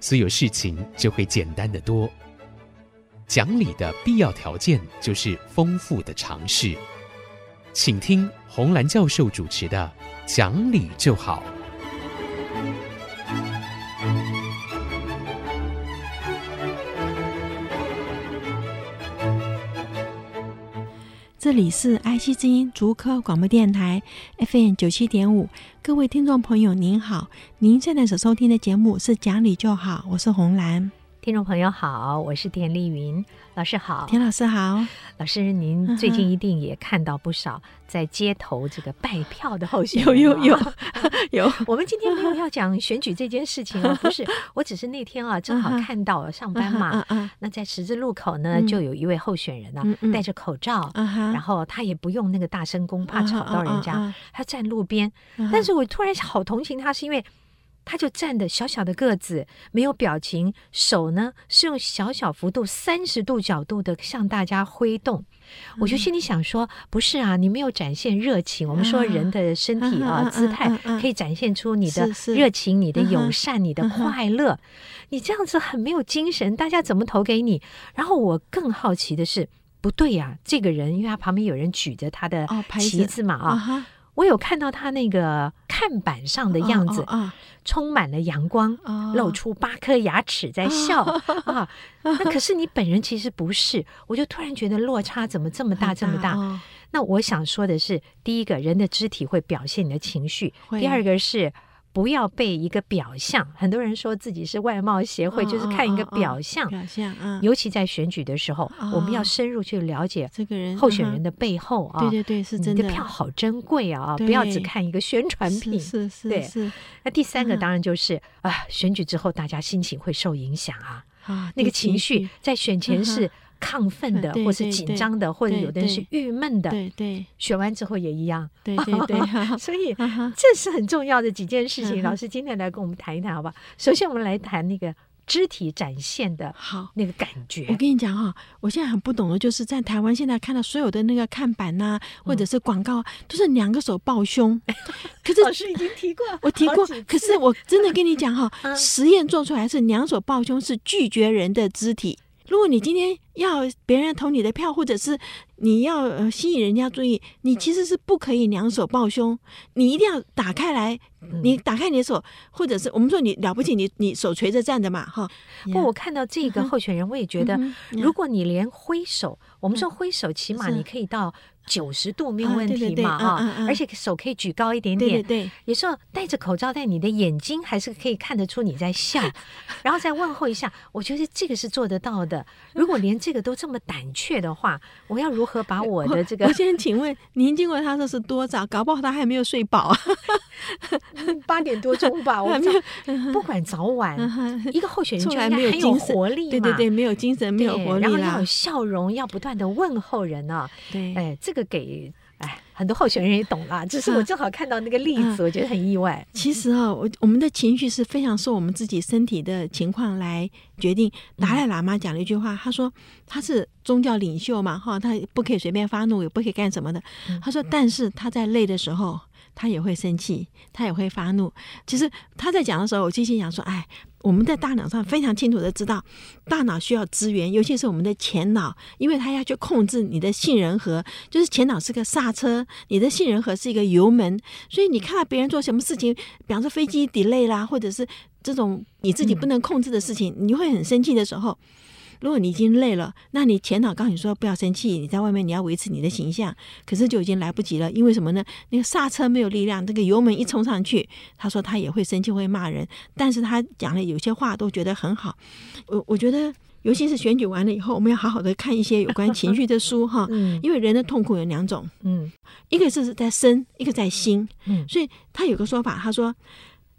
所有事情就會簡單得多。講理的必要條件就是豐富的常識，請聽洪蘭教授主持的《講理就好》。這裡是 IC 之音竹科廣播電台 FM 九七點五，各位聽眾朋友您好，您現在所收聽的節目是講理就好，我是洪蘭。聽眾朋友好，我是田麗雲，老師好，田老師好，老師您最近一定也看到不少在街頭這個拜票的候選，有有有有。有 我們今天沒有要講選舉這件事情、哦、不是，我只是那天啊正好看到上班嘛，嗯、那在十字路口呢、嗯、就有一位候選人呢、啊嗯嗯、戴着口罩，嗯、然後他也不用那個大聲公，怕吵到人家，嗯、他站路邊，嗯、但是我突然好同情他，是因為。他就站得小小的個子，沒有表情，手呢是用小小幅度、三十度角度的向大家揮動，嗯、哼我就心裡想說：不是啊，你沒有展現熱情。嗯、哼我們說人的身體啊，嗯嗯嗯嗯、姿態可以展現出你的熱情、是是你的友善、嗯、哼你的快樂。嗯、哼你這樣子很沒有精神，大家怎麼投給你？然後我更好奇的是，不對呀、啊，這個人，因為他旁邊有人舉着他的旗子嘛啊，哦嗯、我有看到他那個。看板上的樣子，uh, uh, uh. 充滿了陽光，uh, uh. 露出八顆牙齒在笑 uh, uh, uh, 啊！那可是你本人其實不是，uh, uh, 我就突然覺得落差怎麼這麼大這麼大？Uh, uh, uh. 那我想說的是，第一個，人的肢體會表現你的情緒；會第二個是。不要被一個表象。很多人說自己是外貌協會，就是看一個表象。表象，嗯。尤其在選舉的時候，我們要深入去了解這個人候選人的背後啊。對對對，是真的，你的票好珍貴啊！不要只看一個宣傳品。是是，那第三個當然就是啊，選舉之後大家心情會受影響啊。啊。那個情緒在選前是。亢奮的，或是緊張的，或者有的人是鬱悶的。對對，選完之後也一樣。對對對，所以這是很重要的幾件事情。老師今天來跟我們談一談，好吧？首先我們來談那個肢體展現的，好那個感覺。我跟你講哈，我現在很不懂的就是在台灣現在看到所有的那個看板吶，或者是廣告，都是兩個手抱胸。可是老師已經提過，我提過。可是我真的跟你講哈，實驗做出來是兩手抱胸是拒絕人的肢體。如果你今天要別人投你的票，或者是你要吸引人家注意，你其實是不可以兩手抱胸，你一定要打開來，你打開你的手，或者是我們說你了不起，你你手垂着站着嘛，哈。Yeah, 不過我看到這個候選人，我也覺得，uh-huh, 如果你連揮手，uh huh, yeah. 我們說揮手，起碼你可以到，九十度沒有問題嘛，哈，而且手可以舉高一點點，對，對，對，有時候戴着口罩，但你的眼睛還是可以看得出你在笑，然後再問候一下，我覺得這個是做得到的。如果連這個都這麼膽怯的話， 我要如何把我的這個我？我先請問 您，經過他說是多早？搞不好他還沒有睡飽啊。 嗯、八點多鐘吧，我們不，、嗯、不管早晚，嗯、哼一個候選人就還沒有精神，活力，對對對，沒有精神，沒有活力啦，然後要笑容，要不斷的問候人啊。對，哎，這個給哎，很多候選人也懂啦。只、就是我正好看到那個例子，啊、我覺得很意外。其實啊、哦，我我們的情緒是非常受我們自己身體的情況來決定。嗯、達賴喇嘛講了一句話，他說他是宗教領袖嘛，哈，他不可以隨便發怒，嗯、也不可以幹什麼的。他說，但是他在累的時候。他也會生氣，他也會發怒。其實他在講的時候，我就心想說：“哎，我們在大腦上非常清楚地知道，大腦需要資源，尤其是我們的前腦，因為他要去控制你的杏仁核，就是前腦是個剎車，你的杏仁核是一個油門。所以你看到別人做什麼事情，比方說飛機 delay 啦，或者是這種你自己不能控制的事情，你會很生氣的時候。”如果你已經累了，那你前腦告訴你說不要生氣，你在外面你要維持你的形象，可是就已經來不及了。因為什麼呢？那個剎車沒有力量，這、那個油門一衝上去，他說他也會生氣，會罵人，但是他講的有些話都覺得很好。我我覺得，尤其是選舉完了以後，我們要好好的看一些有關情緒的書哈， 因為人的痛苦有兩種，嗯，一個是是在身，一個在心。嗯，所以他有個說法，他說，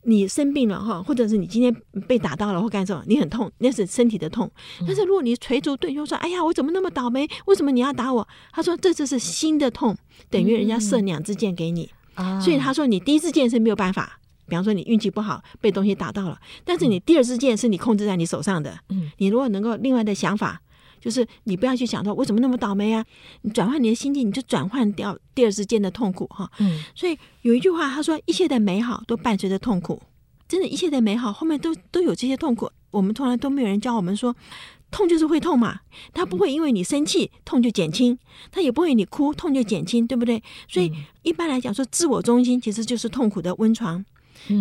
你生病了哈，或者是你今天被打到了或幹什麼，你很痛，那是身體的痛。但是如果你捶足頓胸說：“哎呀，我怎麼那麼倒霉？為什麼你要打我？”他說：“這次是心的痛，等於人家射兩支箭給你。所以他說，你第一次箭是沒有辦法，比方說你運氣不好被東西打到了，但是你第二支箭是你控制在你手上的。你如果能夠另外的想法。”就是你不要去想到我怎麼那麼倒霉啊！你轉換你的心境，你就轉換掉第二時間的痛苦哈。嗯，所以有一句話，他說一切的美好都伴隨着痛苦，真的，一切的美好後面都都有這些痛苦。我們從來都沒有人教我們說，痛就是會痛嘛，他不會因為你生氣痛就減輕，他也不會因為你哭痛就減輕，對不對？所以一般來講說，自我中心其實就是痛苦的溫床。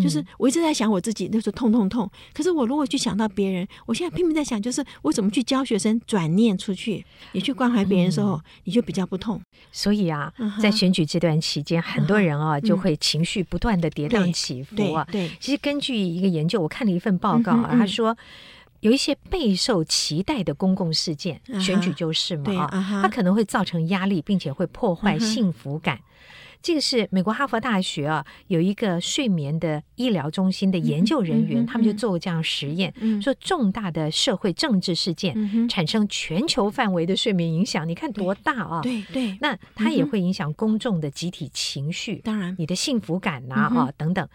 就是我一直在想我自己，那時候痛痛痛。可是我如果去想到別人，我現在拼命在想，就是我怎麼去教學生轉念出去，你去關懷別人的時候，你就比較不痛。所以啊，在選舉這段期間，很多人啊就會情緒不斷的跌宕起伏。對，其實根據一個研究，我看了一份報告，他說有一些備受期待的公共事件，選舉就是嘛，它可能會造成壓力，並且會破壞幸福感。這個是美國哈佛大學啊、哦，有一個睡眠的醫療中心的研究人員，嗯、他們就做過這樣實驗，嗯嗯、說重大的社會政治事件產生全球範圍的睡眠影響，嗯、哼你看多大啊、哦？對對，那它也會影響公眾的集體情緒，嗯、當然你的幸福感吶、啊哦，啊、嗯、哼等等。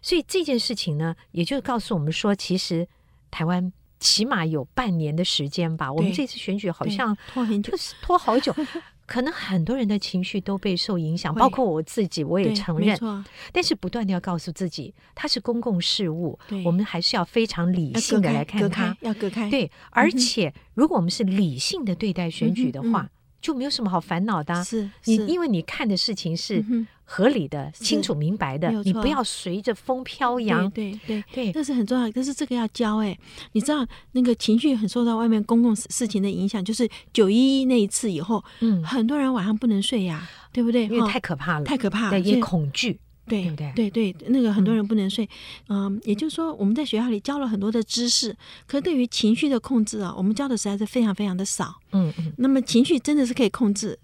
所以這件事情呢，也就告訴我們說，其實台灣起碼有半年的時間吧。對我們這次選舉好像拖，拖很久拖，拖好久。 可能很多人的情緒都被受影響，包括我自己，我也承認。沒錯，但是不斷的要告訴自己，它是公共事務，對我們還是要非常理性的來看它要，要隔開。對，而且、嗯、哼如果我們是理性的對待選舉的話，嗯嗯、就沒有什麼好煩惱的、啊是。是你因為你看的事情是。嗯合理的、清楚、明白的，你不要隨着風飄揚。對對對，這是很重要。但是這個要教哎，你知道那個情緒很受到外面公共事情的影響，就是九一一那一次以後，嗯，很多人晚上不能睡呀，對不對？因為太可怕了，太可怕了，因為恐懼，對不對？對對，那個很多人不能睡。嗯，也就是說，我們在學校裡教了很多的知識，可是對於情緒的控制啊，我們教的實在是非常非常的少。嗯嗯，那麼情緒真的是可以控制。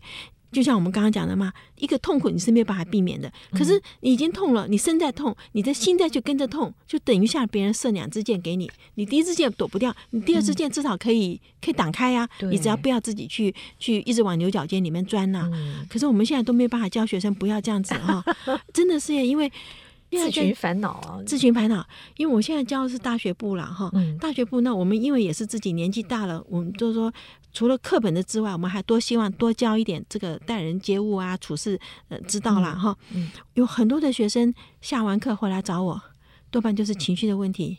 就像我們剛剛講的嘛，一個痛苦你是沒有辦法避免的，嗯、可是你已經痛了，你身在痛，你的心在就跟着痛，就等於下別人射兩支箭給你，你第一支箭躲不掉，你第二支箭至少可以、嗯、可以擋開呀、啊。對你只要不要自己去去一直往牛角尖裡面鑽吶、啊。嗯、可是我們現在都沒有辦法教學生不要這樣子哈、哦， 真的是耶因為 在自尋煩惱啊，自尋煩惱。因為我現在教的是大學部啦哈，嗯、大學部那我們因為也是自己年紀大了，我們就說。除了課本的之外，我們還多希望多教一點這個待人接物啊、處事呃之道啦哈。有很多的學生下完課回來找我，多半就是情緒的問題。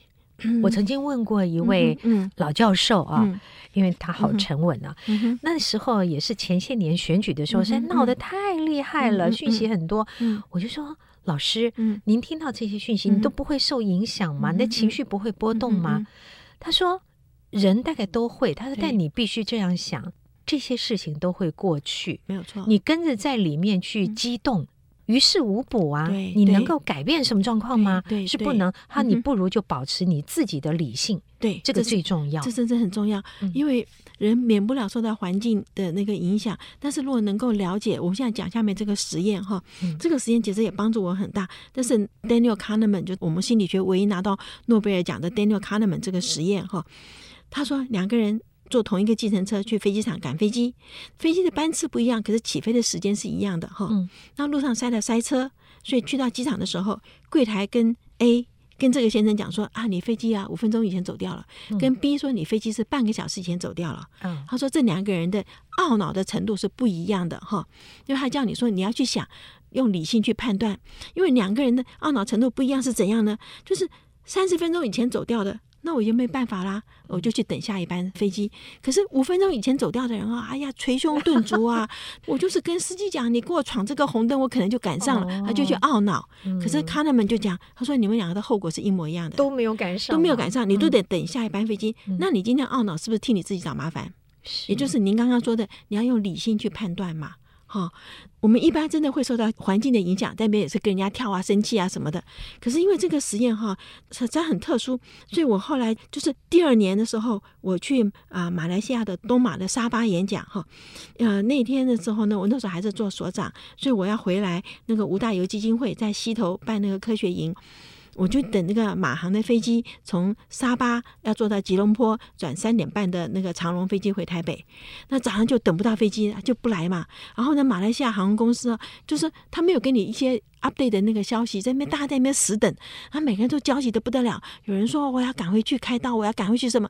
我曾經問過一位老教授啊，因為他好沉穩啊。那時候也是前些年選舉的時候，現在鬧得太厲害了，訊息很多。我就說，老師，您聽到這些訊息，你都不會受影響嗎？你的情緒不會波動嗎？他說。人大概都會，他說：“但你必須這樣想，這些事情都會過去，沒有錯。你跟着在裡面去激動，於事無補啊！你能夠改變什麼狀況嗎？對，是不能。哈，你不如就保持你自己的理性，對，這個最重要。這真的很重要，因為人免不了受到環境的那個影響。但是如果能夠了解，我現在講下面這個實驗哈，這個實驗其實也幫助我很大。但是 Daniel Kahneman 就我們心理學唯一拿到諾貝爾獎的 Daniel Kahneman 這個實驗哈。”他說兩個人坐同一個計程車去飛機場趕飛機，飛機的班次不一樣，可是起飛的時間是一樣的哈。哦嗯，那路上塞了塞車，所以去到機場的時候，櫃檯跟 A 跟這個先生講說啊，你飛機啊五分鐘以前走掉了，跟 B 說你飛機是半個小時以前走掉了。嗯，他說這兩個人的懊惱的程度是不一樣的哈，因、哦、為他叫你說你要去想用理性去判斷，因為兩個人的懊惱程度不一樣是怎樣呢？就是三十分鐘以前走掉的。那我就沒辦法啦，我就去等下一班飛機。可是五分鐘以前走掉的人啊，哎呀，捶胸頓足啊！ 我就是跟司機講，你給我闖這個紅燈，我可能就趕上了，他就去懊惱。哦嗯、可是康納曼就講，他說你們兩個的後果是一模一樣的，都沒有趕上，都沒有趕上，你都得等下一班飛機。嗯、那你今天懊惱是不是替你自己找麻煩？是、嗯，嗯、也就是您剛剛說的，你要用理性去判斷嘛。哈、哦，我們一般真的會受到環境的影響，但那邊也是跟人家跳啊、生氣啊什麼的。可是因為這個實驗哈，它很特殊，所以，我後來就是第二年的時候，我去啊、呃、馬來西亞的東馬的沙巴演講哈，呃那天的時候呢，我那時候還是做所長，所以我要回來那個吳大猷基金會在溪頭辦那個科學營。我就等那個馬航的飛機從沙巴要坐到吉隆坡，轉三點半的那個長榮飛機回台北，那早上就等不到飛機就不來嘛。然後呢，馬來西亞航空公司就是他沒有給你一些。update 的那個消息，在那邊大，大家在那邊死等，然後每個人都焦急得不得了。有人說我要趕回去開刀，我要趕回去什麼？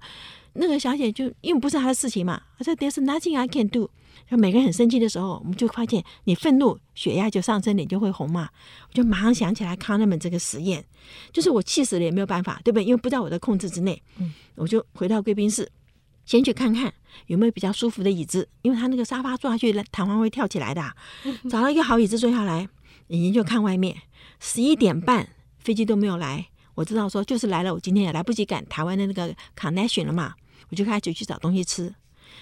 那個小姐就因為不是她的事情嘛，她說 There's nothing I can do。然後每個人很生氣的時候，我們就發現你憤怒，血壓就上升，臉就會紅嘛。我就馬上想起來康納曼這個實驗，就是我氣死了也沒有辦法，對不對？因為不在我的控制之內。嗯，我就回到貴賓室，先去看看有沒有比較舒服的椅子，因為他那個沙發坐下去彈簧會跳起來的啊。找到一個好椅子坐下來。 眼睛就看外面，十一點半飛機都沒有來，我知道說就是來了，我今天也來不及趕台灣的那個 connection 了嘛，我就開始去找東西吃。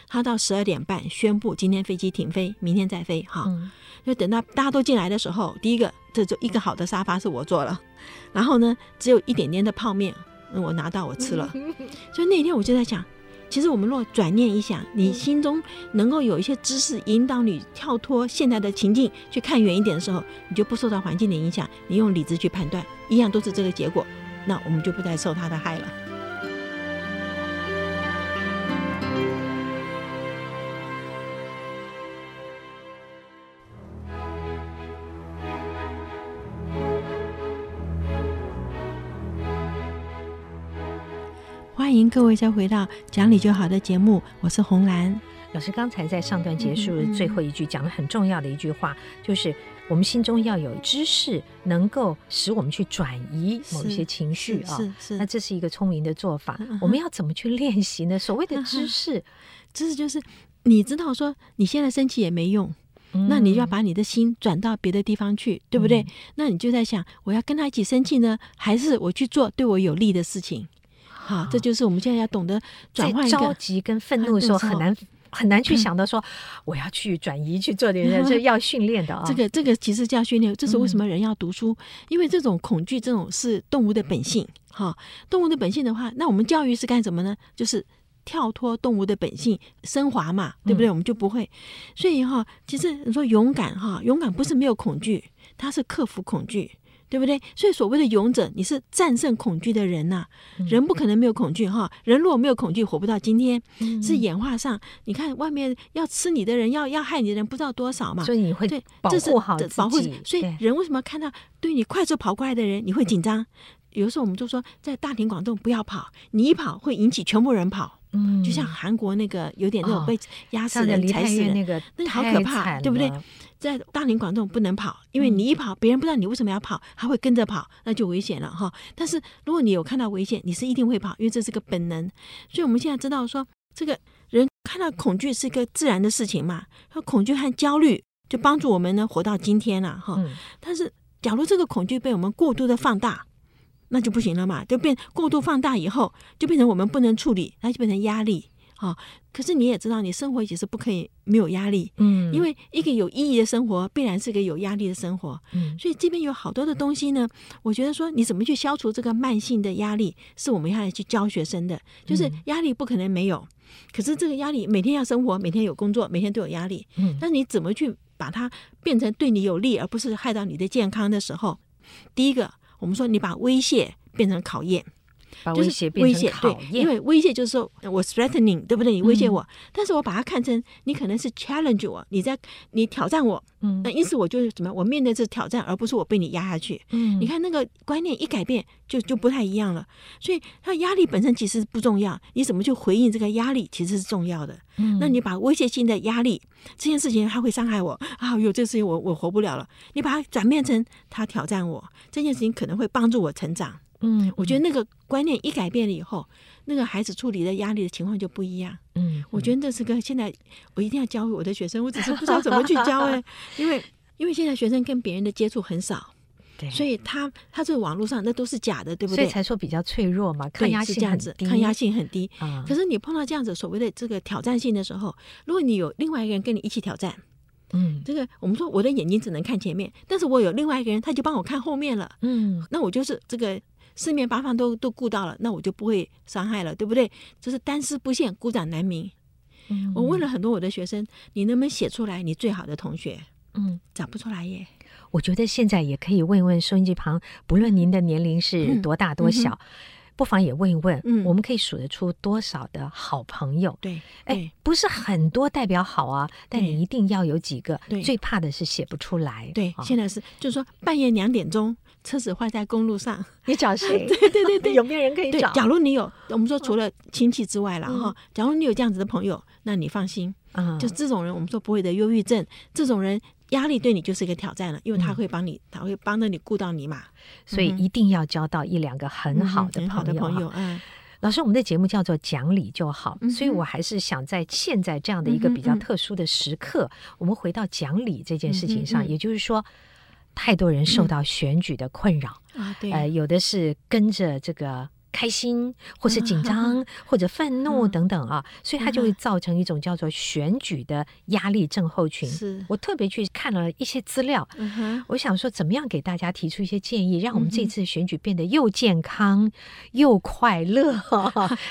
他到十二點半宣布今天飛機停飛，明天再飛哈。就等到大家都進來的時候，第一個這就一個好的沙發是我坐了，然後呢只有一點點的泡麵，我拿到我吃了。所以那天我就在想。其實我們若轉念一想，你心中能夠有一些知識引導你跳脫現在的情境去看遠一點的時候，你就不受到環境的影響，你用理智去判斷，一樣都是這個結果，那我們就不再受它的害了。各位再回到講理就好的節目，嗯、我是紅蘭老師。剛才在上段結束的最後一句講、嗯、了很重要的一句話，就是我們心中要有知識，能夠使我們去轉移某一些情緒啊。是是，是、哦，那這是一個聰明的做法。嗯、哼我們要怎麼去練習呢？所謂的知識、嗯，知識就是你知道說你現在生氣也沒用，嗯、那你就要把你的心轉到別的地方去，對不對？嗯、那你就在想，我要跟他一起生氣呢，還是我去做對我有利的事情？好，這就是我們現在要懂得轉換一個着急跟憤怒的時候很難、啊、候很難去想到說我要去轉移去做點這、嗯、要訓練的啊、哦，這個這個其實叫訓練，這是為什麼人要讀書？嗯、因為這種恐懼，這種是動物的本性。哈、哦，動物的本性的話，那我們教育是幹什麼呢？就是跳脫動物的本性，升華嘛，對不對？嗯、我們就不會。所以哈，其實你說勇敢哈，勇敢不是沒有恐懼，它是克服恐懼。對不對？所以所謂的勇者，你是戰勝恐懼的人吶、啊。人不可能沒有恐懼哈。嗯、人如果沒有恐懼，活不到今天。嗯、是演化上，你看外面要吃你的人，要要害你的人，不知道多少嘛。所以你會對保護好自己，這是保護。所以人為什麼看到對你快速跑過來的人，對你會緊張？有時候我們就說，在大庭廣眾不要跑，你一跑會引起全部人跑。嗯、就像韓國那個有點那種被壓死的踩死那個，那個好可怕，了對不對？在大庭廣眾不能跑，因為你一跑，別人不知道你為什麼要跑，還會跟着跑，那就危險了哈。但是如果你有看到危險，你是一定會跑，因為這是個本能。所以我們現在知道說，這個人看到恐懼是一個自然的事情嘛，和恐懼和焦慮就幫助我們呢活到今天了哈。但是假如這個恐懼被我們過度的放大，那就不行了嘛，就變過度放大以後，就變成我們不能處理，那就變成壓力。好、哦，可是你也知道，你生活其實不可以沒有壓力，嗯，因為一個有意義的生活必然是一個有壓力的生活，嗯，所以這邊有好多的東西呢。我覺得說，你怎麼去消除這個慢性的壓力，是我們要來去教學生的，就是壓力不可能沒有，嗯、可是這個壓力每天要生活，每天有工作，每天都有壓力，嗯，那你怎麼去把它變成對你有利，而不是害到你的健康的時候？第一個，我們說你把威脅變成考驗。把威脅變成就是威脅，對，因為威脅就是說，我 threatening，對不對？你威脅我，嗯、但是我把它看成你可能是 challenge 我，你在你挑戰我，嗯、那因此我就是怎麼我面對這挑戰，而不是我被你壓下去。嗯、你看那個觀念一改變，就就不太一樣了。所以，它壓力本身其實不重要，你怎麼去回應這個壓力其實是重要的。嗯、那你把威脅性的壓力這件事情它會傷害我啊，有這事情我我活不了了。你把它轉變成他挑戰我，這件事情可能會幫助我成長。嗯，我覺得那個觀念一改變了以後，嗯、那個孩子處理的壓力的情況就不一樣。嗯，嗯，我覺得這是個現在我一定要教會我的學生，我只是不知道怎麼去教哎、欸， 因為因為現在學生跟別人的接觸很少，對，所以他他這個網絡上那都是假的，對不對？所以才說比較脆弱嘛，抗壓性很低，抗壓性很低。嗯、可是你碰到這樣子所謂的這個挑戰性的時候，如果你有另外一個人跟你一起挑戰，嗯，這個我們說我的眼睛只能看前面，但是我有另外一個人，他就幫我看後面了，嗯，那我就是這個。四面八方都都顧到了，那我就不會傷害了，對不對？就是單絲不線，孤掌難鳴。嗯，嗯，我問了很多我的學生，你能不能寫出來你最好的同學？嗯，找不出來耶。我覺得現在也可以問一問收音機旁，不論您的年齡是多大多小，嗯嗯、不妨也問一問。嗯，我們可以數得出多少的好朋友？嗯、對，哎，不是很多代表好啊，但你一定要有幾個。對，最怕的是寫不出來。對，哦、現在是就是說半夜兩點鐘。車子壞在公路上，你找誰？對對對對，有沒有人可以找？假如你有，我們說除了親戚之外了哈。假如你有這樣子的朋友，那你放心，啊。就這種人，我們說不會得憂鬱症。這種人壓力對你就是一個挑戰了，因為他會幫你，他會幫着你顧到你嘛。所以一定要交到一兩個很好的朋友。朋友，嗯，老師，我們的節目叫做講理就好，所以我還是想在現在這樣的一個比較特殊的時刻，我們回到講理這件事情上，也就是說。太多人受到選舉的困擾，嗯，啊，對，呃，有的是跟着這個。開心，或是緊張，或者憤怒等等啊，所以它就會造成一種叫做選舉的壓力症候群。是，我特別去看了一些資料，我想說怎麼樣給大家提出一些建議，讓我們這次選舉變得又健康又快樂，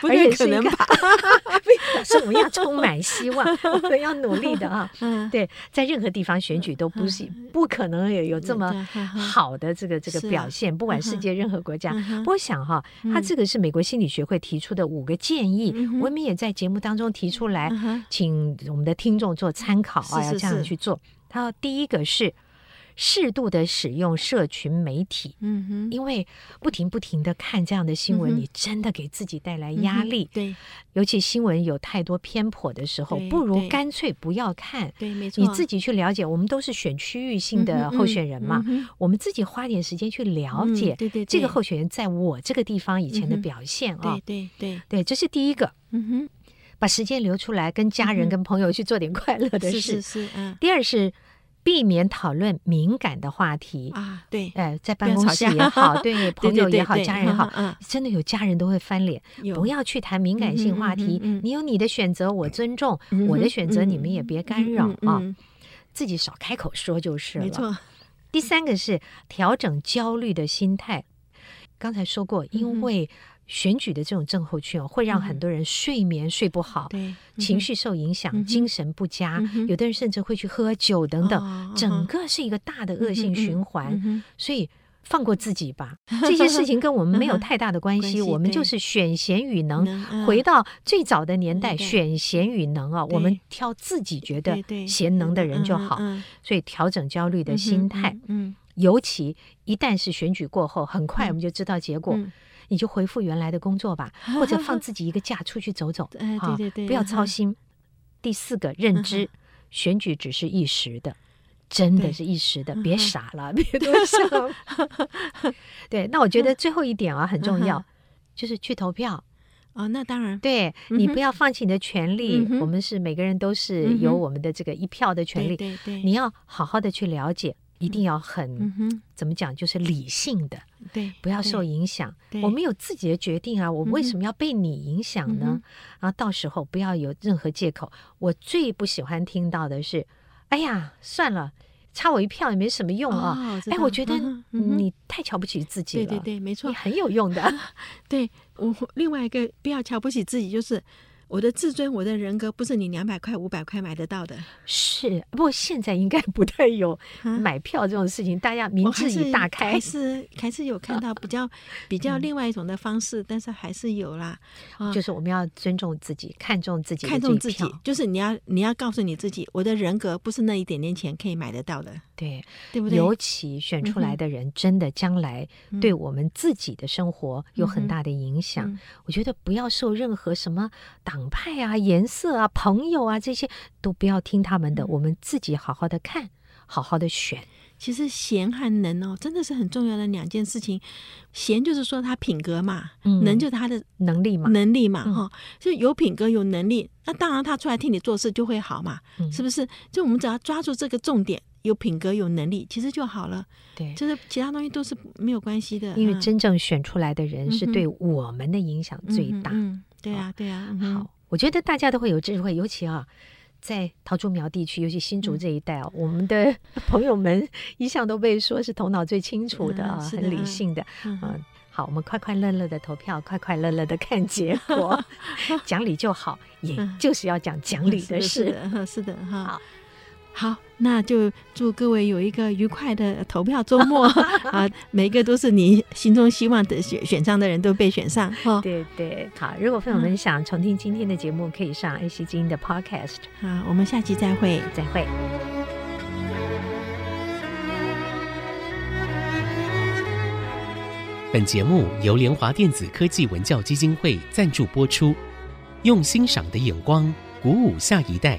而且是一個是我們要充滿希望，我們要努力的啊。對，在任何地方選舉都不是不可能有有這麼好的這個這個表現，不管世界任何國家。我想哈，它這。這個是美國心理學會提出的五個建議，我們、嗯、哼也在節目當中提出來，嗯、哼請我們的聽眾做參考啊，是是是這樣去做。他說第一個是。適度的使用社群媒體，嗯哼，因為不停不停的看這樣的新聞，你真的給自己帶來壓力。對，尤其新聞有太多偏頗的時候，不如乾脆不要看。對，沒錯，你自己去了解。我們都是選區域性的候選人嘛，我們自己花點時間去了解這個候選人在我這個地方以前的表現啊。對對對，這是第一個。嗯哼，把時間留出來跟家人、跟朋友去做點快樂的事。是是，第二是。避免討論敏感的話題啊，對，在辦公室也好，對朋友也好，家人也好，真的有家人都會翻臉，不要去談敏感性話題。你有你的選擇，我尊重；我的選擇，你們也別干擾啊，自己少開口說就是了。第三個是調整焦慮的心態，剛才說過，因為。選舉的這種症候群哦，會讓很多人睡眠睡不好，情緒受影響，精神不佳，有的人甚至會去喝酒等等，整個是一個大的惡性循環。所以放過自己吧，這些事情跟我們沒有太大的關係，我們就是選賢與能，回到最早的年代選賢與能啊，我們挑自己覺得賢能的人就好。所以調整焦慮的心態，尤其一旦是選舉過後，很快我們就知道結果。你就恢復原來的工作吧，或者放自己一個假出去走走。對對對，不要操心。第四個認知，選舉只是一時的，真的是一時的，別傻了，別多想。對，那我覺得最後一點啊很重要，就是去投票啊。那當然，對你不要放棄你的權利。我們是每個人都是有我們的這個一票的權利。你要好好的去了解。一定要很、嗯、哼怎麼講，就是理性的，對，不要受影響。我們有自己的決定啊，我為什麼要被你影響呢？啊、嗯哼，然後到時候不要有任何借口。我最不喜歡聽到的是，哎呀，算了，差我一票也沒什麼用啊。哦、哎，我覺得你太瞧不起自己了，嗯嗯、對對對，沒錯，你很有用的。 對，我另外一個不要瞧不起自己，就是。我的自尊，我的人格不是你兩百塊、五百塊買得到的。是，不過現在應該不太有買票這種事情，啊、大家民智已大開，還是還是，還是有看到比較 比較另外一種的方式，嗯、但是還是有啦。啊、就是我們要尊重自己，看重自己，自己，看重自己，就是你要你要告訴你自己，我的人格不是那一點點錢可以買得到的。對，對不對？尤其選出來的人，嗯、哼真的將來對我們自己的生活有很大的影響、嗯嗯嗯。我覺得不要受任何什麼黨。派啊，顏色啊，朋友啊，這些都不要聽他們的，嗯、我們自己好好的看，好好的選。其實賢和能哦，真的是很重要的兩件事情。賢就是說他品格嘛，嗯、能就是他的能力嘛，能力嘛哈、嗯哦，就有品格有能力，那當然他出來替你做事就會好嘛，嗯、是不是？就我們只要抓住這個重點，有品格有能力，其實就好了。對，就是其他東西都是沒有關係的，因為真正選出來的人是對我們的影響最大。嗯對呀、啊，對呀、啊。嗯、好，我覺得大家都會有智慧，尤其啊，在桃竹苗地區，尤其新竹這一帶哦、啊，嗯、我們的朋友們一向都被說是頭腦最清楚的，很理性的。嗯，嗯好，我們快快樂樂的投票，快快樂樂的看結果，嗯、講理就好，嗯、也就是要講講理的事。嗯、是的哈。是的，嗯，好。好，那就祝各位有一個愉快的投票週末 啊！每一個都是你心中希望的選選上的人都被選上。哦、 對對，好。如果朋友們想重聽今天的節目，嗯、可以上 A C 精英的 Podcast。啊，我們下期再會，再會。本節目由聯華電子科技文教基金會贊助播出，用欣賞的眼光鼓舞下一代。